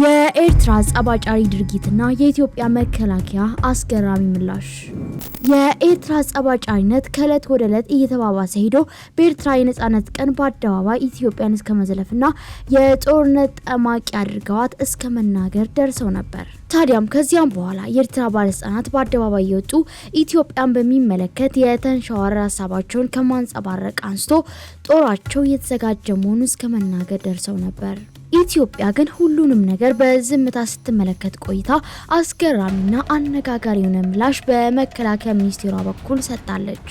የኤርትራ ጸብ ድርጊትና የኢትዮጵያ መከላከያ አስገራሚ ምላሽ። የኤርትራ ጸብ ከእለት ወደ እለት እየተባባሰ ሄዶ በኤርትራ የነጻነት ቀን በአደባባይ ኢትዮጵያን እስከ መዝለፍና የጦርነት ጠማቂ አድርገዋት እስከ መናገር ደርሰው ነበር። ታዲያም ከዚያም በኋላ የኤርትራ ባለስልጣናት በአደባባይ የወጡ ኢትዮጵያን በሚመለከት የተንሸዋረር ሀሳባቸውን ከማንጸባረቅ አንስቶ ጦራቸው እየተዘጋጀ መሆኑ እስከ መናገር ደርሰው ነበር። ኢትዮጵያ ግን ሁሉንም ነገር በዝምታ ስትመለከት ቆይታ አስገራሚና አነጋጋሪ የሆነ ምላሽ በመከላከያ ሚኒስቴሯ በኩል ሰጥታለች።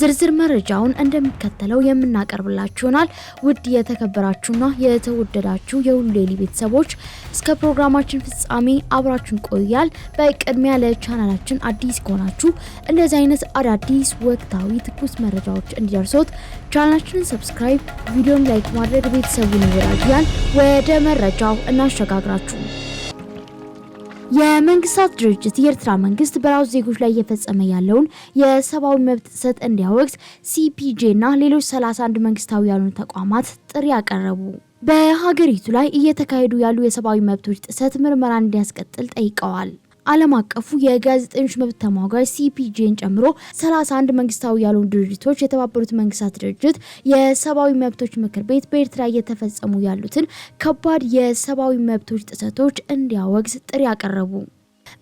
ዝርዝር መረጃውን እንደሚከተለው የምናቀርብላችሁ ይሆናል። ውድ የተከበራችሁና የተወደዳችሁ የሁሉ ዴይሊ ቤተሰቦች እስከ ፕሮግራማችን ፍጻሜ አብራችሁን ቆያል። በቅድሚያ ለቻናላችን አዲስ ከሆናችሁ እንደዚህ አይነት አዳዲስ ወቅታዊ ትኩስ መረጃዎች እንዲደርሶት ቻናላችንን ሰብስክራይብ፣ ቪዲዮን ላይክ ማድረግ ቤተሰቡን ይወዳጅያል። ወደ መረጃው እናሸጋግራችሁ። የመንግስታት ድርጅት የኤርትራ መንግስት በራሱ ዜጎች ላይ እየፈጸመ ያለውን የሰብአዊ መብት ጥሰት እንዲያወግዝ ሲፒጄ እና ሌሎች 31 መንግስታዊ ያልሆኑ ተቋማት ጥሪ አቀረቡ። በሀገሪቱ ላይ እየተካሄዱ ያሉ የሰብአዊ መብቶች ጥሰት ምርመራ እንዲያስቀጥል ጠይቀዋል። ዓለም አቀፉ የጋዜጠኞች መብት ተሟጋጅ ሲፒጄን ጨምሮ 31 መንግስታዊ ያልሆኑ ድርጅቶች የተባበሩት መንግስታት ድርጅት የሰብአዊ መብቶች ምክር ቤት በኤርትራ እየተፈጸሙ ያሉትን ከባድ የሰብአዊ መብቶች ጥሰቶች እንዲያወግዝ ጥሪ አቀረቡ።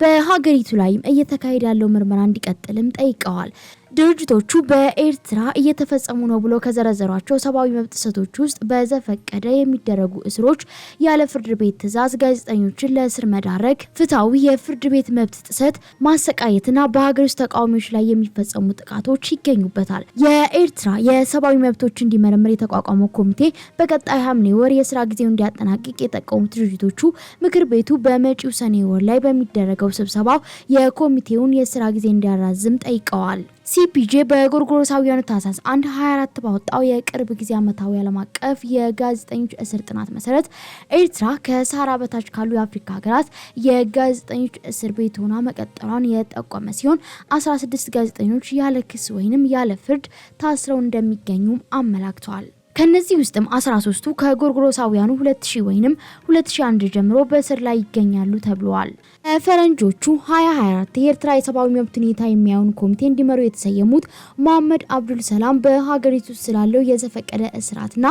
በሀገሪቱ ላይም እየተካሄደ ያለው ምርመራ እንዲቀጥልም ጠይቀዋል። ድርጅቶቹ በኤርትራ እየተፈጸሙ ነው ብሎ ከዘረዘሯቸው ሰብአዊ መብት ጥሰቶች ውስጥ በዘፈቀደ የሚደረጉ እስሮች፣ ያለ ፍርድ ቤት ትዕዛዝ ጋዜጠኞችን ለእስር መዳረግ፣ ፍትሐዊ የፍርድ ቤት መብት ጥሰት፣ ማሰቃየትና በሀገር ውስጥ ተቃዋሚዎች ላይ የሚፈጸሙ ጥቃቶች ይገኙበታል። የኤርትራ የሰብአዊ መብቶች እንዲመረምር የተቋቋመው ኮሚቴ በቀጣይ ሐምሌ ወር የስራ ጊዜው እንዲያጠናቅቅ የጠቀሙት ድርጅቶቹ ምክር ቤቱ በመጪው ሰኔ ወር ላይ በሚደረገው ስብሰባው የኮሚቴውን የስራ ጊዜ እንዲያራዝም ጠይቀዋል። ሲፒጄ በጎርጎሮሳውያኑ ታህሳስ 1 24 ባወጣው የቅርብ ጊዜ ዓመታዊ ዓለም አቀፍ የጋዜጠኞች እስር ጥናት መሰረት ኤርትራ ከሳራ በታች ካሉ የአፍሪካ ሀገራት የጋዜጠኞች እስር ቤት ሆና መቀጠሏን የጠቆመ ሲሆን 16 ጋዜጠኞች ያለ ክስ ወይንም ያለ ፍርድ ታስረው እንደሚገኙም አመላክተዋል። ከነዚህ ውስጥም 13ቱ ከጎርጎሮሳውያኑ 2000 ወይም 2001 ጀምሮ በእስር ላይ ይገኛሉ ተብለዋል። ፈረንጆቹ 2024 የኤርትራ የሰብአዊ መብት ሁኔታ የሚያውን ኮሚቴ እንዲመሩ የተሰየሙት መሐመድ አብዱል ሰላም በሀገሪቱ ውስጥ ስላለው የዘፈቀደ እስራትና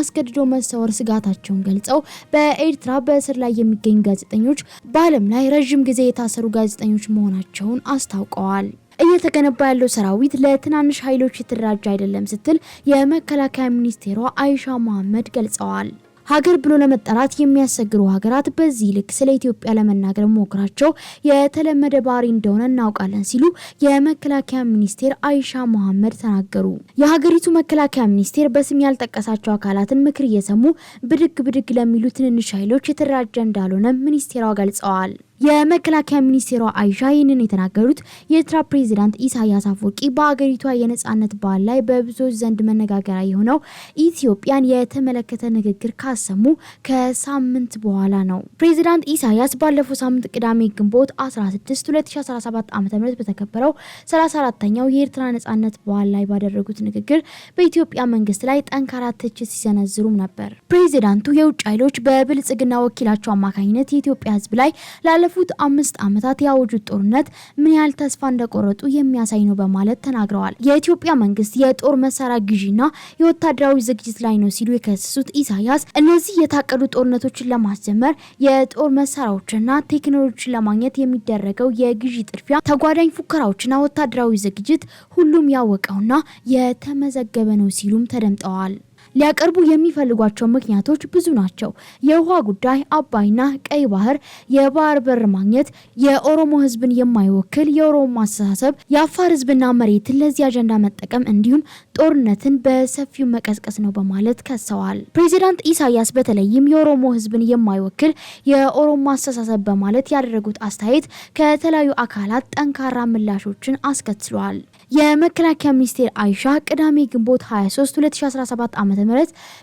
አስገድዶ መሰወር ስጋታቸውን ገልጸው በኤርትራ በእስር ላይ የሚገኙ ጋዜጠኞች በዓለም ላይ ረዥም ጊዜ የታሰሩ ጋዜጠኞች መሆናቸውን አስታውቀዋል። እየተገነባ ያለው ሰራዊት ለትናንሽ ኃይሎች የተደራጀ አይደለም ስትል የመከላከያ ሚኒስቴሯ አይሻ መሐመድ ገልጸዋል። ሀገር ብሎ ለመጠራት የሚያሰግሩ ሀገራት በዚህ ልክ ስለ ኢትዮጵያ ለመናገር መሞከራቸው የተለመደ ባህሪ እንደሆነ እናውቃለን ሲሉ የመከላከያ ሚኒስቴር አይሻ መሐመድ ተናገሩ። የሀገሪቱ መከላከያ ሚኒስቴር በስም ያልጠቀሳቸው አካላትን ምክር እየሰሙ ብድግ ብድግ ለሚሉ ትንንሽ ኃይሎች የተደራጀ እንዳልሆነ ሚኒስቴሯ ገልጸዋል። የመከላከያ ሚኒስቴሯ አይሻ ይህንን የተናገሩት የኤርትራ ፕሬዚዳንት ኢሳያስ አፈወርቂ በሀገሪቷ የነጻነት በዓል ላይ በብዙዎች ዘንድ መነጋገሪያ የሆነው ኢትዮጵያን የተመለከተ ንግግር ካሰሙ ከሳምንት በኋላ ነው። ፕሬዚዳንት ኢሳያስ ባለፈው ሳምንት ቅዳሜ ግንቦት 16 2017 ዓ ም በተከበረው 34ተኛው የኤርትራ ነጻነት በዓል ላይ ባደረጉት ንግግር በኢትዮጵያ መንግስት ላይ ጠንካራ ትችት ሲሰነዝሩም ነበር። ፕሬዚዳንቱ የውጭ ኃይሎች በብልጽግና ወኪላቸው አማካኝነት የኢትዮጵያ ህዝብ ላይ ላለፉ ባለፉት አምስት ዓመታት ያወጁት ጦርነት ምን ያህል ተስፋ እንደቆረጡ የሚያሳይ ነው በማለት ተናግረዋል። የኢትዮጵያ መንግስት የጦር መሳሪያ ግዢና የወታደራዊ ዝግጅት ላይ ነው ሲሉ የከሰሱት ኢሳያስ እነዚህ የታቀዱ ጦርነቶችን ለማስጀመር የጦር መሳሪያዎችና ቴክኖሎጂን ለማግኘት የሚደረገው የግዢ ጥድፊያ፣ ተጓዳኝ ፉከራዎችና ወታደራዊ ዝግጅት ሁሉም ያወቀውና የተመዘገበ ነው ሲሉም ተደምጠዋል። ሊያቀርቡ የሚፈልጓቸው ምክንያቶች ብዙ ናቸው። የውሃ ጉዳይ፣ አባይና ቀይ ባህር፣ የባህር በር ማግኘት፣ የኦሮሞ ህዝብን የማይወክል የኦሮሞ አስተሳሰብ፣ የአፋር ህዝብና መሬትን ለዚህ አጀንዳ መጠቀም እንዲሁም ጦርነትን በሰፊው መቀስቀስ ነው በማለት ከሰዋል። ፕሬዚዳንት ኢሳያስ በተለይም የኦሮሞ ህዝብን የማይወክል የኦሮሞ አስተሳሰብ በማለት ያደረጉት አስተያየት ከተለያዩ አካላት ጠንካራ ምላሾችን አስከትሏል። የመከላከያ ሚኒስቴር አይሻ ቅዳሜ ግንቦት 23 2017 ዓ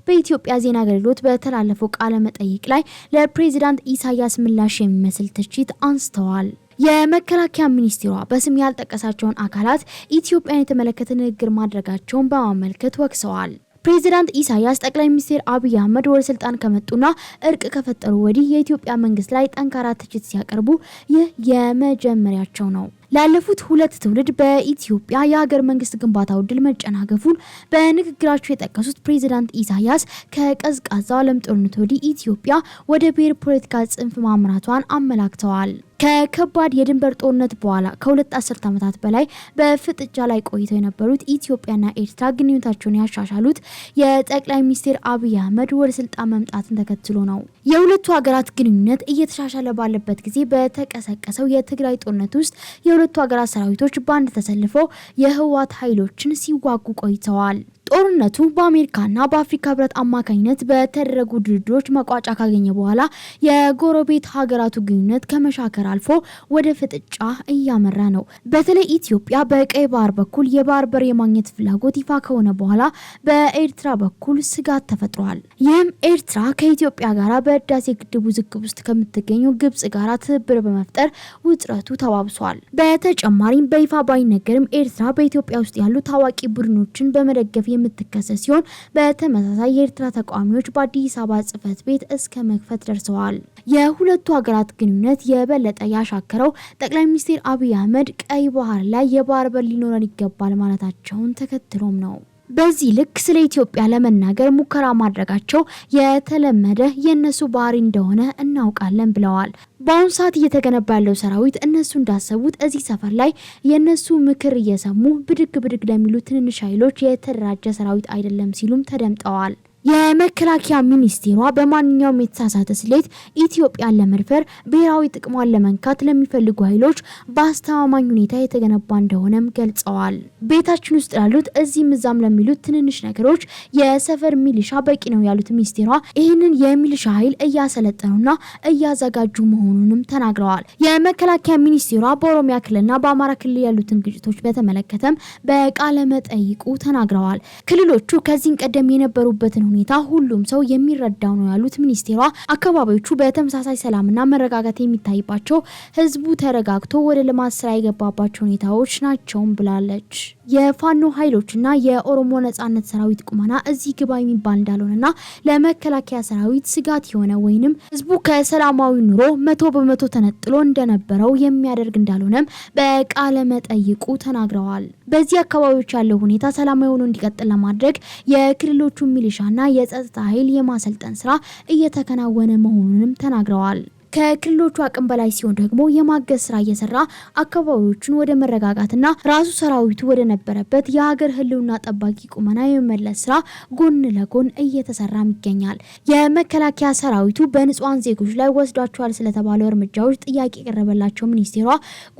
በኢትዮጵያ ዜና አገልግሎት በተላለፈው ቃለ መጠይቅ ላይ ለፕሬዚዳንት ኢሳያስ ምላሽ የሚመስል ትችት አንስተዋል። የመከላከያ ሚኒስቴሯ በስም ያልጠቀሳቸውን አካላት ኢትዮጵያን የተመለከተ ንግግር ማድረጋቸውን በማመልከት ወቅሰዋል። ፕሬዚዳንት ኢሳያስ ጠቅላይ ሚኒስትር አብይ አህመድ ወደ ስልጣን ከመጡና እርቅ ከፈጠሩ ወዲህ የኢትዮጵያ መንግስት ላይ ጠንካራ ትችት ሲያቀርቡ ይህ የመጀመሪያቸው ነው። ላለፉት ሁለት ትውልድ በኢትዮጵያ የሀገር መንግስት ግንባታው ድል መጨናገፉን በንግግራቸው የጠቀሱት ፕሬዚዳንት ኢሳያስ ከቀዝቃዛው ዓለም ጦርነት ወዲህ ኢትዮጵያ ወደ ብሔር ፖለቲካ ጽንፍ ማምራቷን አመላክተዋል። ከከባድ የድንበር ጦርነት በኋላ ከሁለት አስርት ዓመታት በላይ በፍጥጫ ላይ ቆይተው የነበሩት ኢትዮጵያና ኤርትራ ግንኙነታቸውን ያሻሻሉት የጠቅላይ ሚኒስትር አብይ አህመድ ወደ ስልጣን መምጣትን ተከትሎ ነው። የሁለቱ ሀገራት ግንኙነት እየተሻሻለ ባለበት ጊዜ በተቀሰቀሰው የትግራይ ጦርነት ውስጥ የሁለቱ ሀገራት ሰራዊቶች በአንድ ተሰልፈው የህወሓት ኃይሎችን ሲዋጉ ቆይተዋል። ጦርነቱ በአሜሪካና በአፍሪካ ህብረት አማካኝነት በተደረጉ ድርድሮች መቋጫ ካገኘ በኋላ የጎረቤት ሀገራቱ ግንኙነት ከመሻከር አልፎ ወደ ፍጥጫ እያመራ ነው። በተለይ ኢትዮጵያ በቀይ ባህር በኩል የባህር በር የማግኘት ፍላጎት ይፋ ከሆነ በኋላ በኤርትራ በኩል ስጋት ተፈጥሯል። ይህም ኤርትራ ከኢትዮጵያ ጋር በህዳሴ ግድቡ ውዝግብ ውስጥ ከምትገኙ ግብጽ ጋር ትብብር በመፍጠር ውጥረቱ ተባብሷል። በተጨማሪም በይፋ ባይነገርም ኤርትራ በኢትዮጵያ ውስጥ ያሉ ታዋቂ ቡድኖችን በመደገፍ የምትከሰት ሲሆን በተመሳሳይ የኤርትራ ተቃዋሚዎች በአዲስ አበባ ጽህፈት ቤት እስከ መክፈት ደርሰዋል። የሁለቱ ሀገራት ግንኙነት የበለጠ ያሻከረው ጠቅላይ ሚኒስትር አብይ አህመድ ቀይ ባህር ላይ የባህር በር ሊኖረን ይገባል ማለታቸውን ተከትሎም ነው። በዚህ ልክ ስለ ኢትዮጵያ ለመናገር ሙከራ ማድረጋቸው የተለመደ የእነሱ ባህሪ እንደሆነ እናውቃለን ብለዋል። በአሁኑ ሰዓት እየተገነባ ያለው ሰራዊት እነሱ እንዳሰቡት እዚህ ሰፈር ላይ የእነሱ ምክር እየሰሙ ብድግ ብድግ ለሚሉ ትንንሽ ኃይሎች የተደራጀ ሰራዊት አይደለም ሲሉም ተደምጠዋል። የመከላከያ ሚኒስቴሯ በማንኛውም የተሳሳተ ስሌት ኢትዮጵያን ለመድፈር ብሔራዊ ጥቅሟን ለመንካት ለሚፈልጉ ኃይሎች በአስተማማኝ ሁኔታ የተገነባ እንደሆነም ገልጸዋል። ቤታችን ውስጥ ላሉት እዚህም እዛም ለሚሉት ትንንሽ ነገሮች የሰፈር ሚሊሻ በቂ ነው ያሉት ሚኒስቴሯ ይህንን የሚሊሻ ኃይል እያሰለጠኑና እያዘጋጁ መሆኑንም ተናግረዋል። የመከላከያ ሚኒስቴሯ በኦሮሚያ ክልልና በአማራ ክልል ያሉትን ግጭቶች በተመለከተም በቃለ መጠይቁ ተናግረዋል። ክልሎቹ ከዚህም ቀደም የነበሩበትን ሁኔታ ሁሉም ሰው የሚረዳው ነው ያሉት ሚኒስቴሯ አካባቢዎቹ በተመሳሳይ ሰላምና መረጋጋት የሚታይባቸው ህዝቡ ተረጋግቶ ወደ ልማት ስራ የገባባቸው ሁኔታዎች ናቸውም ብላለች። የፋኖ ኃይሎችና የኦሮሞ ነጻነት ሰራዊት ቁመና እዚህ ግባ የሚባል እንዳልሆነና ለመከላከያ ሰራዊት ስጋት የሆነ ወይንም ህዝቡ ከሰላማዊ ኑሮ መቶ በመቶ ተነጥሎ እንደነበረው የሚያደርግ እንዳልሆነም በቃለ መጠይቁ ተናግረዋል። በዚህ አካባቢዎች ያለው ሁኔታ ሰላማዊ ሆኖ እንዲቀጥል ለማድረግ የክልሎቹ ሚሊሻና የጸጥታ ኃይል የማሰልጠን ስራ እየተከናወነ መሆኑንም ተናግረዋል። ከክልሎቹ አቅም በላይ ሲሆን ደግሞ የማገዝ ስራ እየሰራ አካባቢዎቹን ወደ መረጋጋትና ራሱ ሰራዊቱ ወደ ነበረበት የሀገር ህልውና ጠባቂ ቁመና የመመለስ ስራ ጎን ለጎን እየተሰራም ይገኛል። የመከላከያ ሰራዊቱ በንጹሃን ዜጎች ላይ ወስዷቸዋል ስለተባለው እርምጃዎች ጥያቄ የቀረበላቸው ሚኒስቴሯ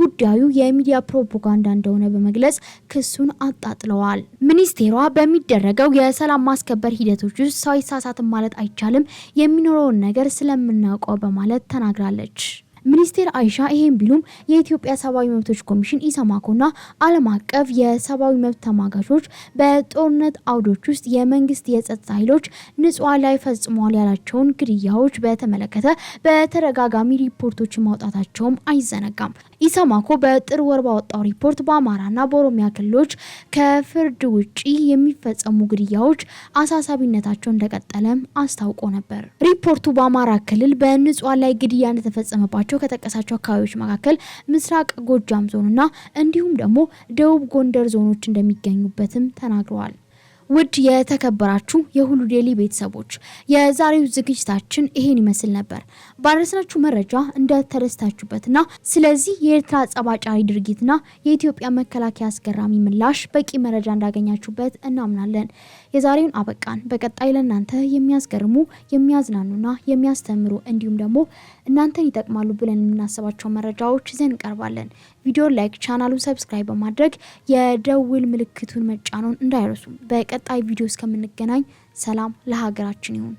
ጉዳዩ የሚዲያ ፕሮፓጋንዳ እንደሆነ በመግለጽ ክሱን አጣጥለዋል። ሚኒስቴሯ በሚደረገው የሰላም ማስከበር ሂደቶች ውስጥ ሰው አይሳሳትም ማለት አይቻልም፣ የሚኖረውን ነገር ስለምናውቀው በማለት ተናግረዋል። ተናግራለች። ሚኒስቴር አይሻ ይሄን ቢሉም የኢትዮጵያ ሰብአዊ መብቶች ኮሚሽን ኢሰማኮና ዓለም አቀፍ የሰብአዊ መብት ተማጋቾች በጦርነት አውዶች ውስጥ የመንግስት የጸጥታ ኃይሎች ንጹሐን ላይ ፈጽመዋል ያላቸውን ግድያዎች በተመለከተ በተደጋጋሚ ሪፖርቶች ማውጣታቸውም አይዘነጋም። ኢሰማኮ በጥር ወር ባወጣው ሪፖርት በአማራና በኦሮሚያ ክልሎች ከፍርድ ውጪ የሚፈጸሙ ግድያዎች አሳሳቢነታቸው እንደቀጠለም አስታውቆ ነበር። ሪፖርቱ በአማራ ክልል በንጹዋ ላይ ግድያ እንደተፈጸመባቸው ስማቸው ከጠቀሳቸው አካባቢዎች መካከል ምስራቅ ጎጃም ዞንና እንዲሁም ደግሞ ደቡብ ጎንደር ዞኖች እንደሚገኙበትም ተናግረዋል። ውድ የተከበራችሁ የሁሉ ዴይሊ ቤተሰቦች የዛሬው ዝግጅታችን ይሄን ይመስል ነበር። ባደረስናችሁ መረጃ እንደተደስታችሁበትና ስለዚህ የኤርትራ ጸባጫሪ ድርጊትና የኢትዮጵያ መከላከያ አስገራሚ ምላሽ በቂ መረጃ እንዳገኛችሁበት እናምናለን። የዛሬውን አበቃን። በቀጣይ ለእናንተ የሚያስገርሙ የሚያዝናኑና የሚያስተምሩ እንዲሁም ደግሞ እናንተን ይጠቅማሉ ብለን የምናስባቸው መረጃዎች ይዘን እንቀርባለን። ቪዲዮ ላይክ፣ ቻናሉን ሰብስክራይብ በማድረግ የደውል ምልክቱን መጫኖን እንዳይረሱ። በቀጣይ ቪዲዮ እስከምንገናኝ ሰላም ለሀገራችን ይሁን።